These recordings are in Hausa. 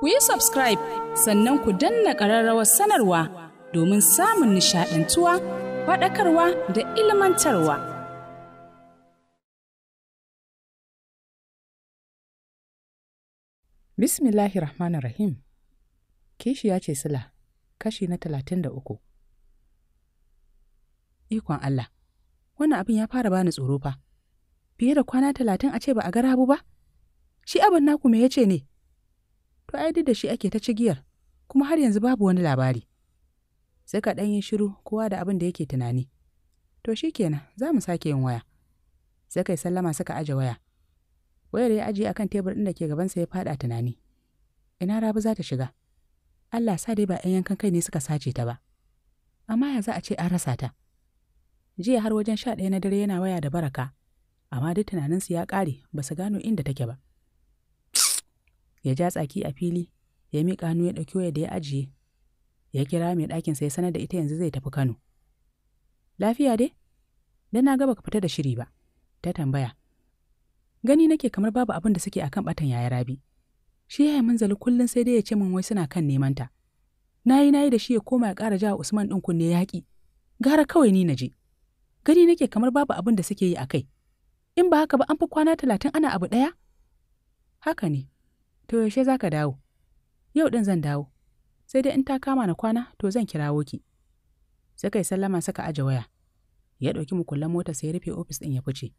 ku yi subscribe sannan ku danna ƙararrawar sanarwa domin samun nishaɗantuwa faɗakarwa da ilmantarwa. Bismillahi Rahmanir Rahim Kishiya ce Sila, kashi na talatin da uku. Ikon Allah, wannan abin ya fara bani tsoro fa, fiye da kwana talatin a ce ba a ga rabu ba? Shi abin naku me ya ce ne? to ai duk da shi ake ta cigiyar kuma har yanzu babu wani labari Sai ɗan yi shiru kowa da abin da yake tunani to shi kenan za mu sake yin waya sai kai sallama suka aje waya wayar ya ajiye akan tebur ɗin da ke gabansa ya faɗa tunani ina rabu za ta shiga Allah sa dai ba 'yan yankan kai ne suka sace ta ba amma ya za a ce an rasa ta jiya har wajen sha ɗaya na dare yana waya da baraka amma duk tunaninsu ya ƙare ba su gano inda take ba ya ja tsaki a fili ya miƙa hannu ya ɗauki waya da ya ajiye ya kira mai ɗakinsa ya sanar da ita yanzu zai tafi kano lafiya dai dan na ga baka fita da shiri ba ta tambaya gani nake kamar babu abin da suke akan batan yaya rabi shi yaya munzali kullum sai dai ya ce min wai suna kan neman ta nayi nayi da shi ya koma ya ƙara jawa usman ɗin kunne yaƙi gara kawai ni na je gani nake kamar babu abin da suke yi a kai in ba haka ba an fi kwana talatin ana abu ɗaya haka ne To yaushe za ka dawo? Yau ɗin zan dawo. Sai dai in ta kama na kwana, to zan kirawo ki. Suka yi sallama suka aje waya. Ya ɗauki mukullan mota sai ya rufe ofis ɗin ya fice.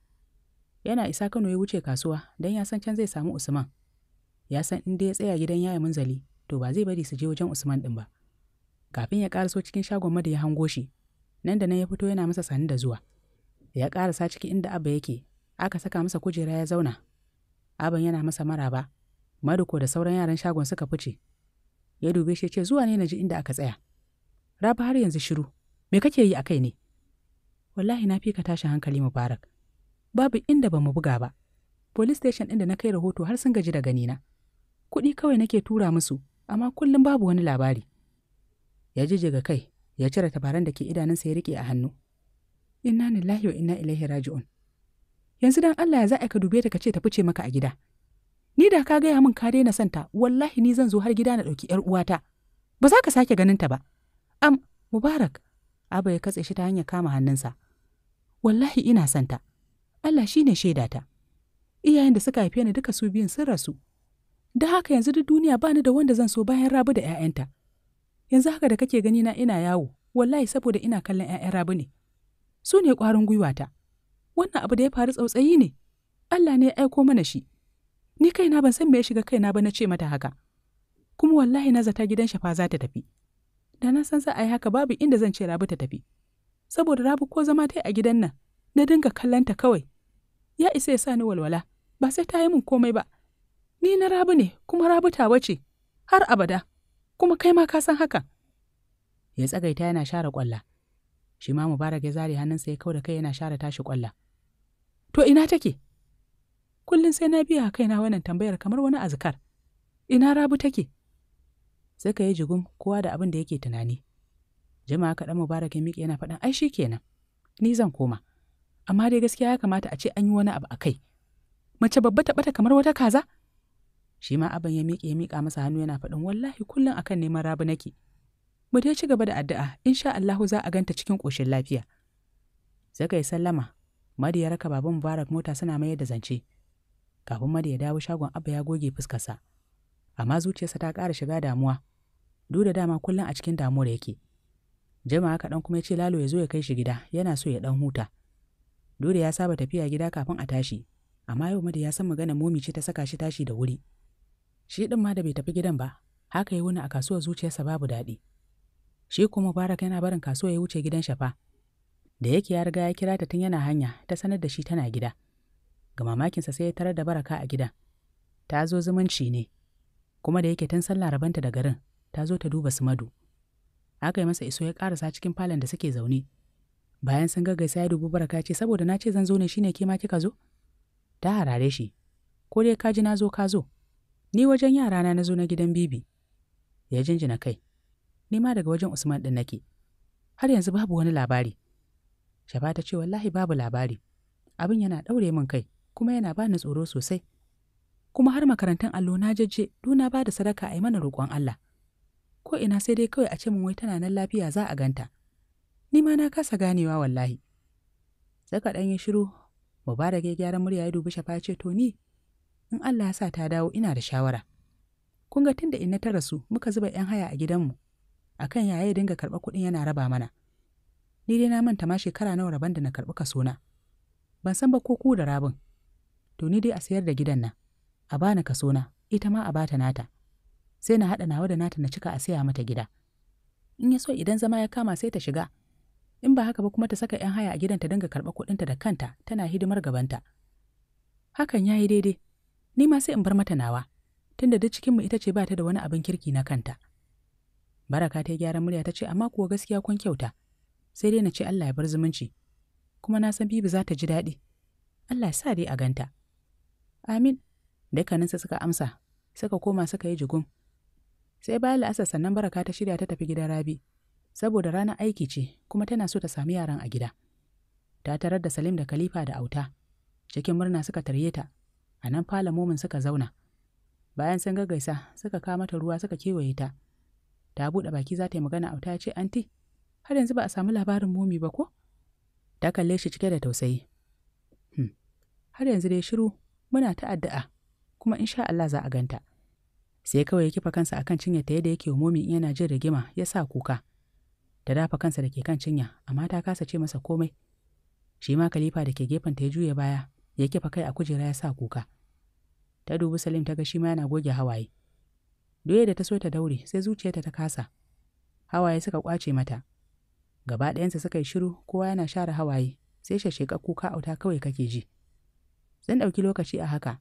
Yana isa Kano ya wuce kasuwa don ya san can zai samu Usman. Ya san in dai ya tsaya gidan yaya munzali, to ba zai bari su je wajen Usman ɗin ba. Kafin ya ƙaraso cikin shagon mada ya hango shi, nan da nan ya fito yana masa sani da zuwa. Ya ƙarasa ciki inda Abba yake, aka saka masa kujera ya zauna. Aban yana masa maraba, Maduko da sauran yaran shagon suka fice. Ya dube shi ce zuwa ne na ji inda aka tsaya. Rabi har yanzu shiru. Me kake yi a kai ne? Wallahi na fika tashi hankali Mubarak. Babu inda ba mu buga ba. Police station ɗin da na kai rahoto har sun gaji da ganina. Kuɗi kawai nake tura musu, amma kullum babu wani labari. Ya jijjiga kai, ya cire tabaran da ke idanunsa ya riƙe a hannu. Inna lillahi wa inna ilaihi raji'un. Yanzu dan Allah ya za a ka dube ta ka ce ta fice maka a gida. ni da ka gaya min ka daina santa wallahi ni zan zo har gida na ɗauki ‘yar uwata ba za ka sake ganin ta ba am mubarak aba ya katse shi ta hanyar kama hannunsa wallahi ina santa Allah shi ne ta iyayen da suka haife ni duka su biyun sun rasu da haka yanzu duk duniya ba ni da wanda zan so bayan rabu da ‘ya'yanta yanzu haka da kake gani na ina yawo wallahi saboda ina kallon ‘ya'yan rabu ne su ne ƙwarin gwiwata wannan abu da ya faru tsautsayi ne Allah ne ya aiko mana shi ni kaina ban san me ya shiga kaina ba na ce mata haka kuma wallahi na zata gidan shafa za ta tafi da na san za a yi haka babu inda zan ce rabu ta tafi saboda rabu ko zama ta a gidan nan na dinga kallon ta kawai ya isa ya sa ni walwala ba sai ta yi min komai ba ni na rabu ne kuma rabu tawa ce har abada kuma kai ma ka san haka ya tsagaita yana share kwalla shi ma mubarak ya zare hannunsa ya kau da kai yana share tashi kwalla to ina take kullum sai na biya kaina wannan tambayar kamar wani azkar ina rabu take sai ka yi jigum kowa da abin da yake tunani jama'a kaɗan mubarak ya miƙe yana faɗin ai shi kenan ni zan koma amma dai gaskiya ya kamata a ce an yi wani abu a kai mace babba ta ɓata kamar wata kaza shi ma abin ya miƙe ya miƙa masa hannu yana faɗin wallahi kullum akan neman rabu nake mu dai ci gaba da addu'a insha Allahu za a ganta cikin ƙoshin lafiya sai ka yi sallama madi ya raka mubarak mota suna mayar da zance kafin ma ya dawo shagon abba ya goge fuskarsa amma zuciyarsa ta ƙara shiga damuwa duk da dama kullum a cikin damuwar yake jama'a kaɗan kuma ya ce lalo ya zo ya kai shi gida yana so ya ɗan huta dole ya saba tafiya gida kafin a tashi amma yau mada ya san magana momi ce ta saka shi tashi da wuri shi ɗin ma da bai tafi gidan ba haka ya wuni a kasuwar zuciyarsa babu daɗi shi kuma mubarak yana barin kasuwa ya wuce gidan shafa da yake ya riga ya kira ta tun yana hanya ta sanar da shi tana gida. ga mamakinsa sai ya tarar da baraka a gidan ta zo zumunci ne kuma da yake tun sallah rabanta da garin ta zo ta duba su madu aka yi masa iso ya karasa cikin falon da suke zaune bayan sun gaggaisa ya dubu baraka ce saboda na ce zan zo ne shine ke ma kika zo ta harare shi ko dai ka ji na zo ka zo ni wajen yarana na zo na gidan bibi ya jinjina kai ni ma daga wajen usman din nake har yanzu babu wani labari shafa ta ce wallahi babu labari abin yana ɗaure min kai kuma yana bani tsoro sosai kuma har makarantar allo na jajje duna ba da sadaka a yi mana roƙon Allah ko ina sai dai kawai a ce min wai tana nan lafiya za a ganta ni ma na kasa ganewa wallahi saka ɗan ya shiru mu mubarak ya gyara murya ya dubi shafa ce to ni in Allah ya sa ta dawo ina da shawara kun ga tunda inna ta rasu muka zuba yan haya a gidanmu akan yaya ya dinga karɓa kuɗin yana raba mana ni dai na manta ma shekara nawa rabon da na karɓi kaso na. ban san ba ko ku da rabin to ni dai a sayar da gidan nan a bani kaso na ita ma a bata nata sai na haɗa nawa da nata na cika a saya mata gida in ya so idan zama ya kama sai ta shiga in ba haka ba kuma ta saka 'yan haya a gidan ta dinga karɓar ta da kanta tana hidimar gabanta hakan ya yi daidai ni ma sai in bar mata nawa tunda duk cikinmu ita ce ba ta da wani abin kirki na kanta baraka ta gyara murya ta ce amma kuwa gaskiya kun kyauta sai dai na ce Allah ya bar zumunci kuma na san Bibi za ta ji daɗi Allah ya sa dai a ganta Amin, dukkaninsu suka amsa, suka koma suka yi jigum. Sai bayan la'asar sannan baraka ta shirya ta tafi gidan Rabi, saboda ranar aiki ce kuma tana so ta sami yaran a gida. Ta tarar da Salim da Khalifa da auta, cikin murna suka tarye ta, a nan fala momin suka zauna. Bayan sun gaggaisa, suka kawo mata ruwa suka kewaye ta. Ta buɗe baki za ta yi magana auta ya ce, Anti, har yanzu ba a samu labarin momi ba ko? Ta kalle shi cike da tausayi. Hmm, har yanzu dai shiru muna ta addu'a kuma in sha Allah za a ganta sai kawai ya kifa kansa akan cinya ta yadda yake momi in yana jin rigima ya sa kuka da dafa kansa da ke kan cinya amma ta kasa ce masa komai shi ma kalifa da ke gefen ta ya juya baya ya kifa kai a kujera ya sa kuka ta dubi salim ta ga shi ma yana goge hawaye doye da ta so ta daure sai zuciyarta ta kasa hawaye suka kwace mata gaba ɗayansa suka yi shiru kowa yana share hawaye sai shashe kuka auta kawai kake ji. Zan ɗauki lokaci a haka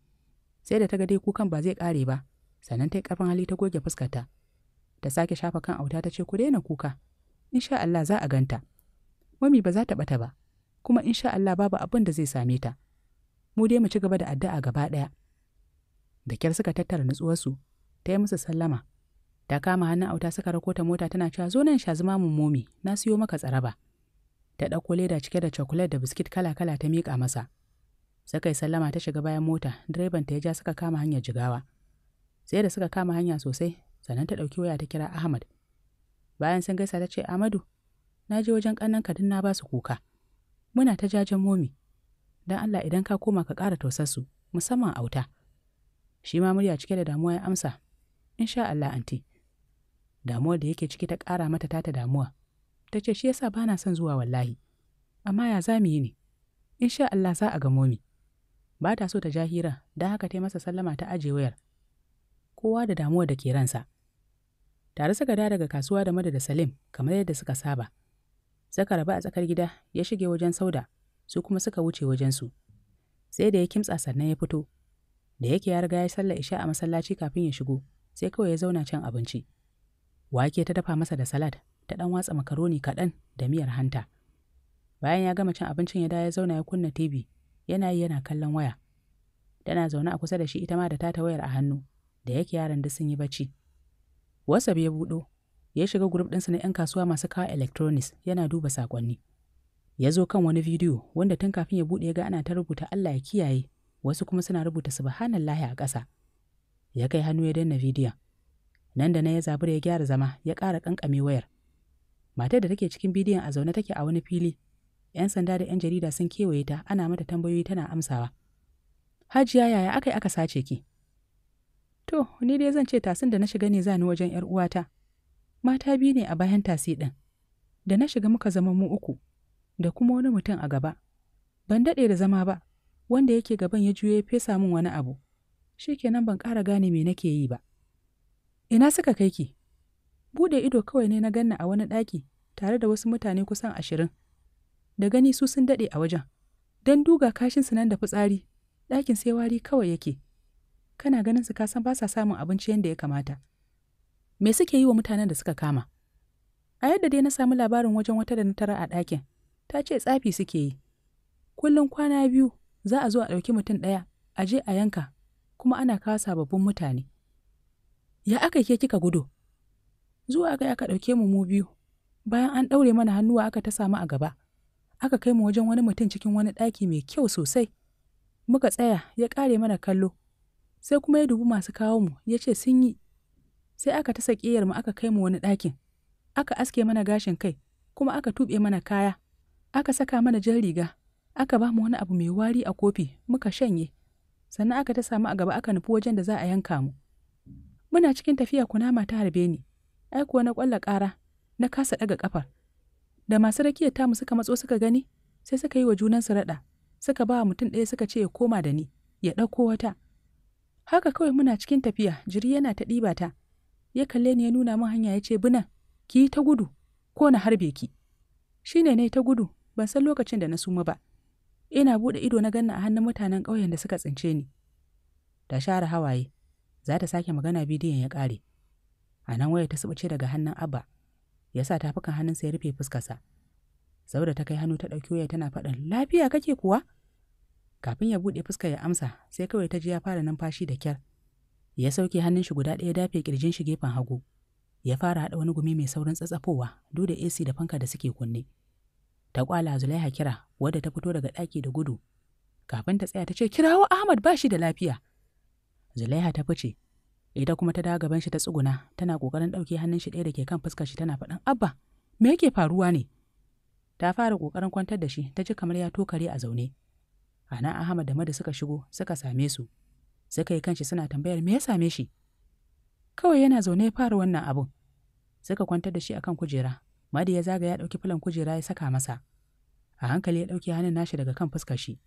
sai da ta ga dai kukan ba zai ƙare ba sannan ta yi ƙarfin hali ta goge fuskarta ta sake shafa kan auta ta ce ku daina kuka insha Allah za a ganta mami ba za ta ɓata ba kuma insha Allah babu abin da zai same ta mu dai mu ci gaba da addu'a gaba ɗaya da kyar suka tattara nutsuwarsu ta yi musu sallama ta kama hannun auta suka rako ta mota tana cewa zo nan sha zuma mun momi na siyo maka tsaraba ta ɗauko leda cike da cokulet da biskit kala-kala ta miƙa masa Sakai sallama ta shiga bayan mota, direban ta ya ja suka kama hanyar jigawa. Sai da suka kama hanya sosai, sannan ta ɗauki waya ta kira Ahmad. Bayan sun gaisa ta ce, Amadu, na je wajen ƙannan ka na ba su kuka. Muna ta jajen momi. Don Allah idan ka koma ka ƙara su, musamman auta. Shi ma murya cike da damuwa ya amsa, Insha Allah, anti. Damuwar da yake ciki ta ƙara mata tata damuwa. Ta ce, Shi yasa ba na son zuwa wallahi. Amma ya za mu yi ne? Insha Allah za a ga momi. ba ta so ta ja hira don haka ta yi masa sallama ta aje wayar kowa da damuwa da ke ransa tare suka da daga kasuwa da madada da salim kamar yadda suka saba suka rabu a tsakar gida ya shige wajen sauda su kuma suka wuce wajen su sai da ya kimtsa sannan ya fito da yake ya riga ya sallar isha a masallaci kafin ya shigo sai kawai ya zauna cin abinci wake ta dafa masa da salad ta dan watsa makaroni kaɗan da miyar hanta bayan ya gama cin abincin ya da ya zauna ya kunna tv yana yi yana kallon waya tana zaune a kusa da shi ita ma da tata wayar a hannu da yake yaran duk sun yi bacci wasa ya buɗo ya shiga grup ɗinsa na 'yan kasuwa masu kawo electronics yana duba sakonni ya zo kan wani bidiyo wanda tun kafin ya buɗe ya ga ana ta rubuta Allah ya kiyaye wasu kuma suna rubuta subhanallahi a ƙasa ya kai hannu ya danna bidiyon nan da na ya zabura ya gyara zama ya ƙara ƙanƙame wayar matar da take cikin bidiyon a zaune take a wani fili ‘Yan sanda da ‘yan jarida sun kewaye ta ana mata tambayoyi tana amsawa. Hajiya yaya aka yi aka sace ki? To, ni dai zan ce tasin da na shiga ne zani wajen ‘yar uwata. Mata biyu ne a bayan tasi ɗin. Da na shiga muka zama mu uku, da kuma wani mutum a gaba. Ban daɗe da zama ba, wanda yake gaban ya juyo ya fesa min wani abu. Shi kenan ban ƙara gane me nake yi ba. Ina suka kai ki? bude ido kawai ne na ganna a wani ɗaki tare da wasu mutane kusan ashirin. da gani su sun daɗe a wajen don duga kashinsu nan da fitsari ɗakin sai wari kawai yake kana ganin su kasan ba sa samun abinci yadda ya kamata me suke yi wa mutanen da suka kama a yadda dai na samu labarin wajen wata da na tara a ɗakin ta ce tsafi suke yi kullum kwana biyu za a zo a ɗauki mutum ɗaya a je a yanka kuma ana kawo sababbin mutane ya aka ke kika gudu zuwa ga aka ɗauke mu mu biyu bayan an ɗaure mana hannuwa aka ta samu a gaba aka kai mu wajen wani mutum cikin wani ɗaki mai kyau sosai muka tsaya ya ƙare mana kallo sai kuma ya dubi masu kawo mu ya ce sun yi sai aka ta saƙiyar mu aka kai mu wani ɗakin aka aske mana gashin kai kuma aka tuɓe mana kaya aka saka mana jan riga aka ba mu wani abu mai wari a kofi muka shanye sannan aka ta samu a gaba aka nufi wajen da za a yanka mu muna cikin tafiya kunama ta harbe ni Aiko na ƙwalla ƙara na kasa ɗaga ƙafar da masu rakiyar tamu suka matso suka gani sai suka yi wa junansu raɗa suka ba mutum ɗaya suka ce ya koma da ni ya ɗauko wata haka kawai muna cikin tafiya jiri yana ta ɗiba ta ya kalle ni ya nuna min hanya ya ce bina ki yi ta gudu ko na harbe ki shi ne na ta gudu ban san lokacin da na suma ba ina buɗe ido na ganna a hannun mutanen ƙauyen da suka tsince ni ta share hawaye za ta sake magana bidiyon ya ƙare a nan waya ta subuce daga hannun abba ya sa tafukan hannunsa ya rufe fuskarsa sauda ta kai hannu ta ɗauki waya tana faɗin lafiya kake kuwa kafin ya buɗe fuska ya amsa sai kawai ta ji ya fara numfashi da kyar ya sauke hannun shi guda ɗaya dafe kirjin shi gefen hagu ya fara haɗa wani gumi mai saurin tsatsafowa duk da AC da fanka da suke kunne ta kwala Zulaiha kira wadda ta fito daga ɗaki da gudu kafin ta tsaya ta ce kirawo Ahmad ba shi da lafiya Zulaiha ta fice Ida kuma ta dawo gaban shi ta tsuguna, tana ƙoƙarin ɗauke hannun shi ɗaya da ke kan fuskar shi tana faɗan, "Abba, me yake faruwa ne?" Ta fara ƙoƙarin kwantar da shi, ta ji kamar ya tokare a zaune. Ana Ahmad da Madu suka shigo, suka same su. Suka yi kanshi suna tambayar me ya same shi? Kawai yana zaune ya fara wannan abun. Suka kwantar da shi akan kujera. Madu ya zaga ya ɗauki filan kujera ya saka masa. A hankali ya ɗauki hannun nashi daga kan fuskar shi.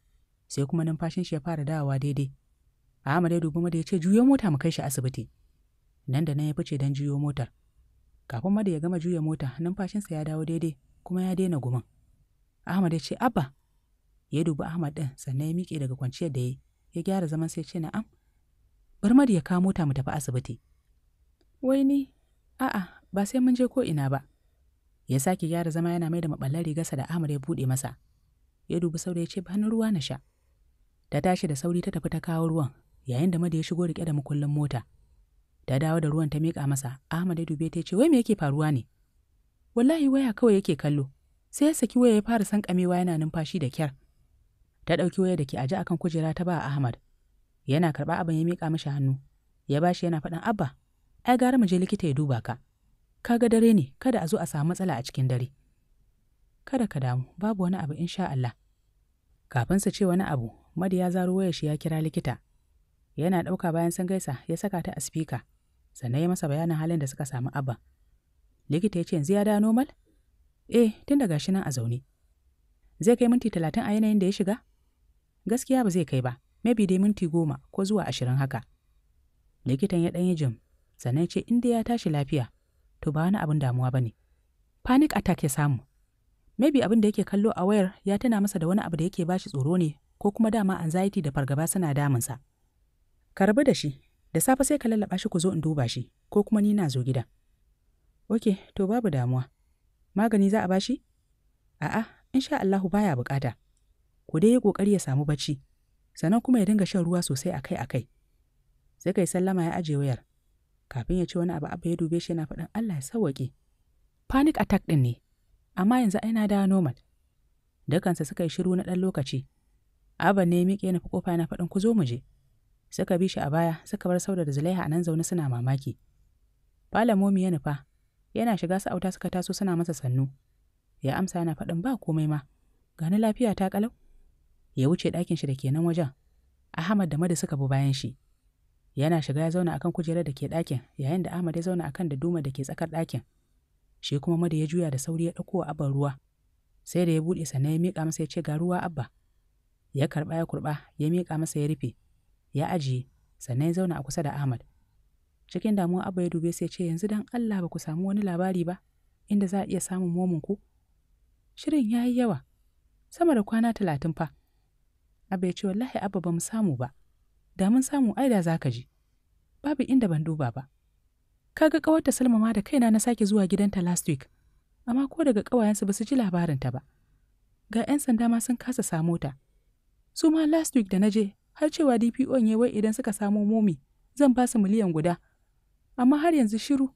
Sai kuma numfashin shi ya fara dawowa daidai. Ahmad ya dubi Madu ya ce juyo mota mu kai shi asibiti. Nan da nan ya fice don juyo motar. Kafin Madu ya gama juya mota, numfashinsa ya dawo daidai kuma ya daina gumin. Ahmad ya ce Abba. Ya dubi Ahmad ɗin sannan ya miƙe daga kwanciyar da ya yi. ya gyara zaman sai ce na'am. Bar Madu ya kawo mota mu tafi asibiti. Wai ni, a'a, ba sai mun je ko ina ba. Ya sake gyara zama yana mai da maɓallar rigarsa da Ahmad ya buɗe masa. Ya dubi saurayi ya ce ba ruwa na sha. Ta tashi da sauri ta tafi ta kawo ruwan yayin da mada ya shigo rike da makullin mota ta dawo da ruwan ta miƙa masa ahmad ya dube ta ce wai me yake faruwa ne wallahi waya kawai yake kallo sai ya saki waya ya fara sankamewa yana numfashi da kyar ta ɗauki waya da ke aji akan kujera ta ba ahmad yana karɓa abin ya miƙa mashi hannu ya bashi yana faɗan abba ai gara mu je likita ya duba ka kaga dare ne kada a zo a samu matsala a cikin dare kada ka damu babu wani abu insha Allah kafin su ce wani abu madi ya zaro waya shi ya kira likita yana ɗauka bayan sun gaisa ya saka ta a spika sannan ya masa bayanin halin da suka samu abba likita ya ce yanzu ya da normal eh tun daga shi nan a zaune zai kai minti talatin a yanayin da ya shiga gaskiya ba zai kai ba maybe dai minti goma ko zuwa ashirin haka likitan ya ɗan yi jim sannan ce in dai ya tashi lafiya to ba wani abin damuwa ba ne panic attack ya samu maybe abin da yake kallo a wayar ya tuna masa da wani abu da yake bashi tsoro ne ko kuma dama anxiety da fargaba suna damunsa. sa ka rabu da shi da safe sai ka lallaba shi ku zo in duba shi ko kuma ni na zo gida ok to babu damuwa magani za a ba shi? a'a insha Allahu baya bukata ku dai yi kokari ya samu bacci sannan kuma ya dinga shan ruwa sosai akai akai sai kai sallama ya aje wayar kafin ya ci wani abu abba ya dube shi yana faɗin Allah ya sawwaƙe panic attack din ne amma yanzu ai na da normal dukansa suka yi shiru na ɗan lokaci abba ne ya miƙe na fi kofa yana faɗin ku zo mu je Suka bi shi a baya, suka bar Sauda da Zulaiha a nan zaune suna mamaki. Falon momi ya nufa, yana shiga su auta suka taso suna masa sannu. Ya amsa yana faɗin ba komai ma, gani lafiya ta ƙalau. Ya wuce ɗakin shi da ke nan wajen. Ahmad da Madu suka bi bayan shi. Yana shiga ya zauna akan kujerar da ke ɗakin, yayin da Ahmad ya zauna akan da duma da ke tsakar ɗakin. Shi kuma Madu ya juya da sauri ya ɗauko wa abban ruwa. Sai da ya buɗe sannan ya miƙa masa ya ce ga ruwa abba. Ya karɓa ya kurɓa, ya miƙa masa ya rufe. ya ajiye sannan ya zauna a kusa da Ahmad. Cikin damuwa Abba ya dube sai ce yanzu dan Allah ba ku samu wani labari ba inda za a iya samun momin ku. Shirin ya yi yawa sama da kwana talatin fa. Abba ya ce wallahi Abba ba mu samu ba. Da mun samu ai da za ka ji. Babu inda ban duba ba. Ka ga ƙawarta Salma ma da kaina na sake zuwa gidanta last week. Amma ko daga ƙawayensu ba su ji labarinta ba. Ga 'yan sanda ma sun kasa samo ta. Su ma last week da na je har cewa DPO'n ya wai idan suka samo momi zan ba su miliyan guda. Amma har yanzu shiru.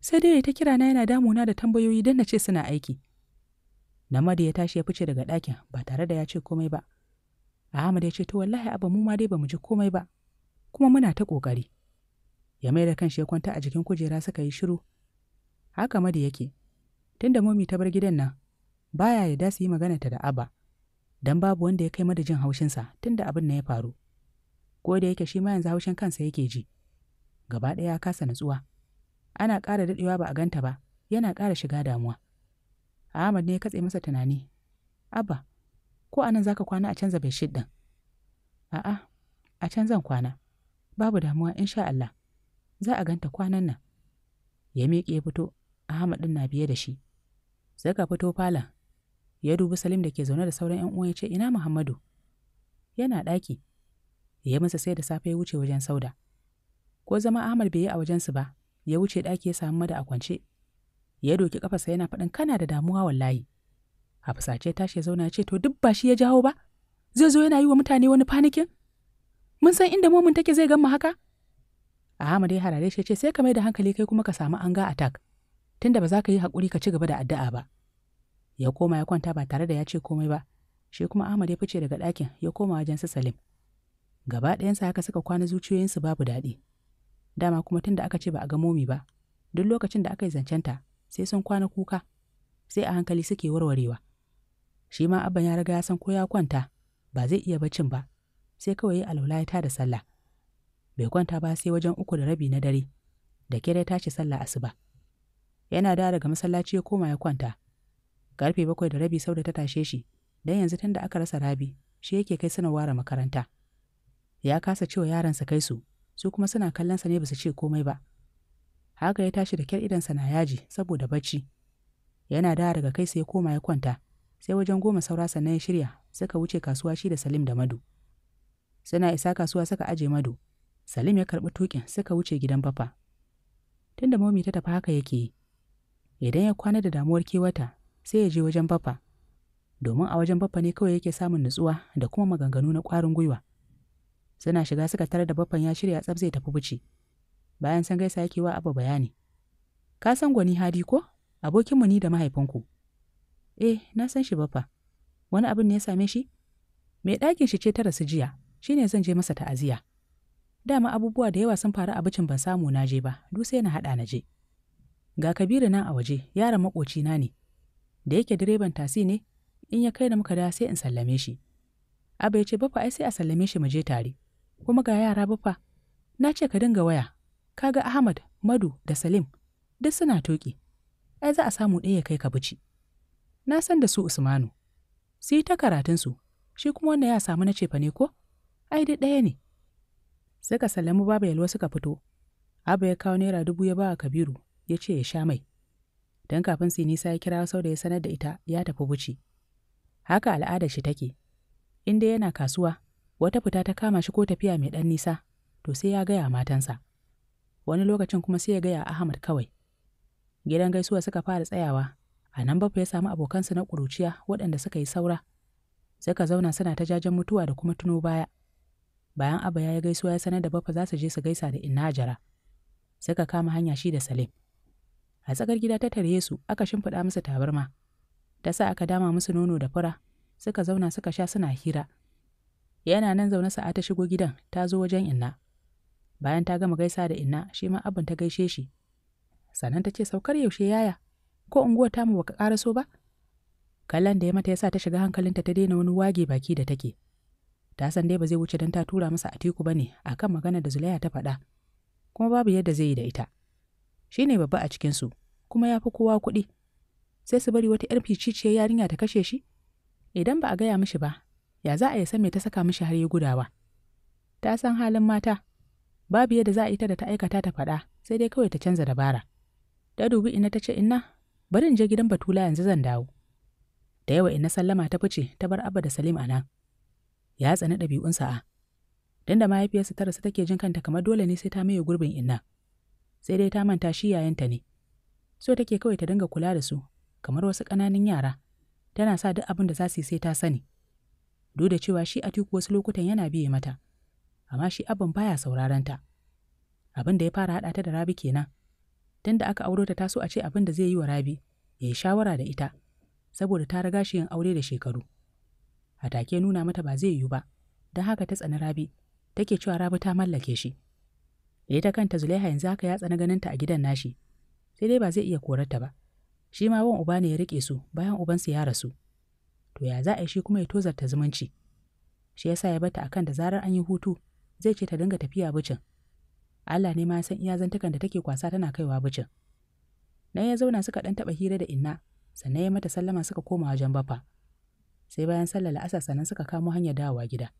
Sai dai ta kira na yana damuna da tambayoyi don na ce suna aiki. Namadi ya tashi ya fice daga ɗakin ba tare da ya ce komai ba. Ahmad ya ce to wallahi abu mu ma dai bamu ji komai ba. Kuma muna ta ƙoƙari. Ya mai da kanshi ya kwanta a jikin kujera suka yi shiru. Haka madi yake. Tunda momi ta bar gidan nan, baya ya da su yi magana ta da aba. don babu wanda ya kai mada jin haushinsa tun da abin na ya faru ko da yake shi ma yanzu haushin kansa yake ji gaba ɗaya ya kasa natsuwa ana ƙara daɗewa ba a ganta ba yana ƙara shiga damuwa ahmad ne ya katse masa tunani abba ko anan zaka kwana a canza bai ɗin a'a a can kwana babu damuwa insha Allah za a ganta kwanan nan ya miƙe ya fito Ahmad ɗin na biye da shi sai ka fito falon ya dubi Salim da ke zaune da sauran 'yan uwan ya ce ina Muhammadu yana ɗaki ya masa sai da safe ya wuce wajen sauda ko zama Ahmad bai yi a wajensu ba ya wuce daki ya samu mada a kwance ya doki kafarsa yana faɗin kana da damuwa wallahi a fusace tashi ya zauna ya ce to duk ba shi ya jawo ba zai zo yana yi wa mutane wani fanikin mun san inda momin take zai gama haka Ahmad ya harare shi ce sai ka mai da hankali kai kuma ka samu anga attack tunda ba za ka yi hakuri ka ci gaba da addu'a ba. ya koma ya kwanta ba tare da ya ce komai ba shi kuma Ahmad ya fice daga ɗakin ya koma wajen su Salim gaba ɗayansa haka suka kwana zuciyoyinsu babu daɗi dama kuma tun da aka ce ba a ga momi ba duk lokacin da aka yi zancenta sai sun kwana kuka sai a hankali suke warwarewa shi ma abban ya riga ya san ko ya kwanta ba zai iya baccin ba sai kawai ya alaula ya tada sallah bai kwanta ba sai wajen uku da rabi na dare da kira ya tashi sallah asuba yana da daga masallaci ya koma ya kwanta Karfe bakwai da rabi sau da ta tashe shi, don yanzu tun da aka rasa rabi, shi yake kai suna ware makaranta. Ya kasa cewa yaransa kai su, su kuma suna kallonsa ne basu ce komai ba. Haka ya tashi da kyar idansa na yaji saboda bacci. Yana da daga kai sai ya koma ya kwanta, sai wajen goma saura sannan ya shirya suka wuce kasuwa shi da Salim da Madu. Suna isa kasuwa suka aje Madu, Salim ya karɓi tuƙin suka wuce gidan bafa. Tunda momi ta tafi haka yake yi. Idan ya kwana da damuwar kewata, sai ya je wajen baffa domin a wajen baffa ne kawai yake samun nutsuwa da kuma maganganu na ƙwarin gwiwa suna shiga suka tare da baffan ya shirya tsab zai tafi buci. bayan san gaisa yake wa abu bayani ka san gwani hadi ko abokinmu ni da mahaifinku eh na san shi baffa wani abin ne ya same shi mai ɗakin shi ce ta rasu jiya Shi ne zan je masa ta'aziya dama abubuwa da yawa sun faru a bicin ban samu na je ba duk sai na haɗa na je ga kabiru nan a waje yaron na ne da yake direban tasi ne in ya kai da muka da sai in sallame shi Aba ya ce bafa ai sai a sallame shi mu je tare kuma ga yara bafa. na ce ka dinga waya Ka ga Ahmad Madu da Salim duk suna toki ai za a samu ɗaya kai ka bici na san da su Usmanu su yi ta karatunsu shi kuma wannan ya samu na cefa ne ko ai dai ɗaya ne suka sallami babu yalwa suka fito Aba ya kawo naira dubu ya ba Kabiru ya ce ya sha mai don kafin su nisa ya kira sau da ya sanar da ita ya tafi buci. Haka al'adar shi take, in dai yana kasuwa, wata fita ta kama shi ko tafiya mai ɗan nisa, to sai ya gaya matansa. Wani lokacin kuma sai ya gaya Ahmad kawai. Gidan gaisuwa suka fara tsayawa, a nan bafa ya samu abokansa na ƙuruciya waɗanda suka yi saura. Suka zauna suna ta jajen mutuwa da kuma tuno baya. Bayan Aba ya yi gaisuwa ya sanar da bafa za su je su gaisa da Inna Jara. Suka kama hanya shi da Salim. a tsakar gida ta tare su aka shimfiɗa musu tabarma ta sa aka dama musu nono da fura suka zauna suka sha suna hira yana nan zaune sa'a ta shigo gidan ta zo wajen inna bayan ta gama gaisa da inna shi ma abin ta gaishe shi sannan ta ce saukar yaushe yaya ko unguwar tamu baka karaso ba kallon da ya mata ya sa ta shiga hankalinta ta daina wani wage baki da take ta san dai ba zai wuce don ta tura masa a tiku ba ne a kan magana da zulaiya ta faɗa kuma babu yadda zai yi da ita shi ne babba a cikinsu kuma ya fi kowa kuɗi sai su bari wata 'yar ficiciyar yarinya ta kashe shi idan ba a gaya mishi ba ya za a yi san me ta saka mishi har ya gudawa ta san halin mata babu yadda za a yi ta da ta aikata ta faɗa sai dai kawai ta canza dabara ta dubi ina ta ce ina bari in je gidan batula yanzu zan dawo da yawa ina sallama ta fice ta bar abba da salim a nan ya tsani ɗabi'un sa'a don da mahaifiyarsa ta rasu take jin kanta kamar dole ne sai ta maye gurbin inna sai dai ta manta shi yayanta ne so take kawai ta dinga kula da su kamar wasu ƙananan yara tana sa duk abin da za su sai ta sani duk da cewa shi Atiku wasu lokutan yana biye mata amma shi abin baya sauraron ta abin da ya fara haɗa ta da Rabi kenan tun da aka auro ta taso a ce abin da zai yi wa Rabi ya yi shawara da ita saboda ta riga shi yin aure da shekaru a take nuna mata ba zai yiwu ba don haka ta tsani Rabi take cewa Rabi ta mallake shi ta kanta Zulaiha yanzu haka ya tsana ganinta a gidan nashi. Sai dai ba zai iya korarta ba. Shi ma wan uba ne ya rike su bayan ubansu ya rasu. To ya za a yi shi kuma ya tozarta zumunci. Shi yasa ya bata akan da zarar an yi hutu zai ce ta dinga tafiya bucin. Allah ne ma san iya zantakan da take kwasa tana kaiwa bucin. Nan ya zauna suka dan taɓa hira da inna, sannan ya mata sallama suka koma wajen bafa. Sai bayan sallar la'asar sannan suka kamo hanyar dawowa gida.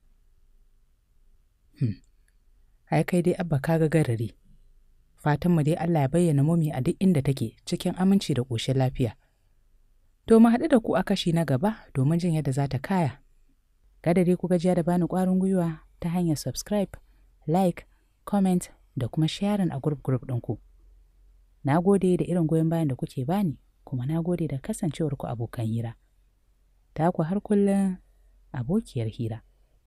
Hmm. ai kai dai abba kaga garari fatanmu dai Allah ya bayyana mumi a duk inda take cikin aminci da ƙoshin lafiya to mu haɗu da ku a kashi na gaba domin jin yadda za ta kaya kada dai ku gajiya da bani ƙwarin gwiwa ta hanyar subscribe like comment da kuma sharing a group group ɗinku na gode da irin goyon bayan da kuke bani kuma na gode da kasancewarku abokan hira ta ku har kullum abokiyar hira